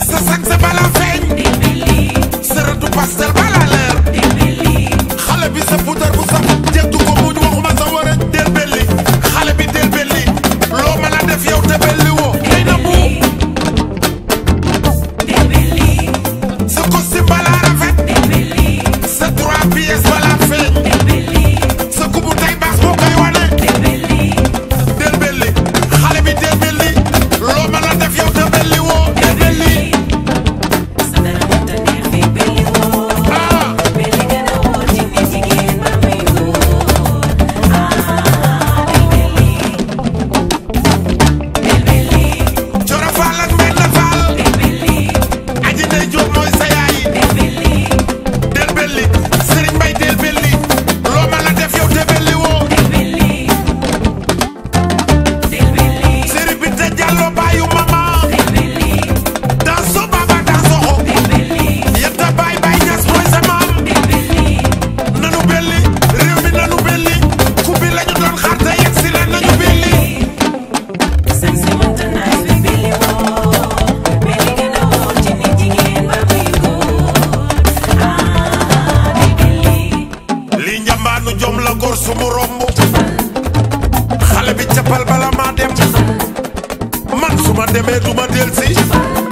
sa sax sa bala feeñ sa rëddu pastel bala la góor su mu xale bi cappal bala maa dem man su ma demee du ma delsi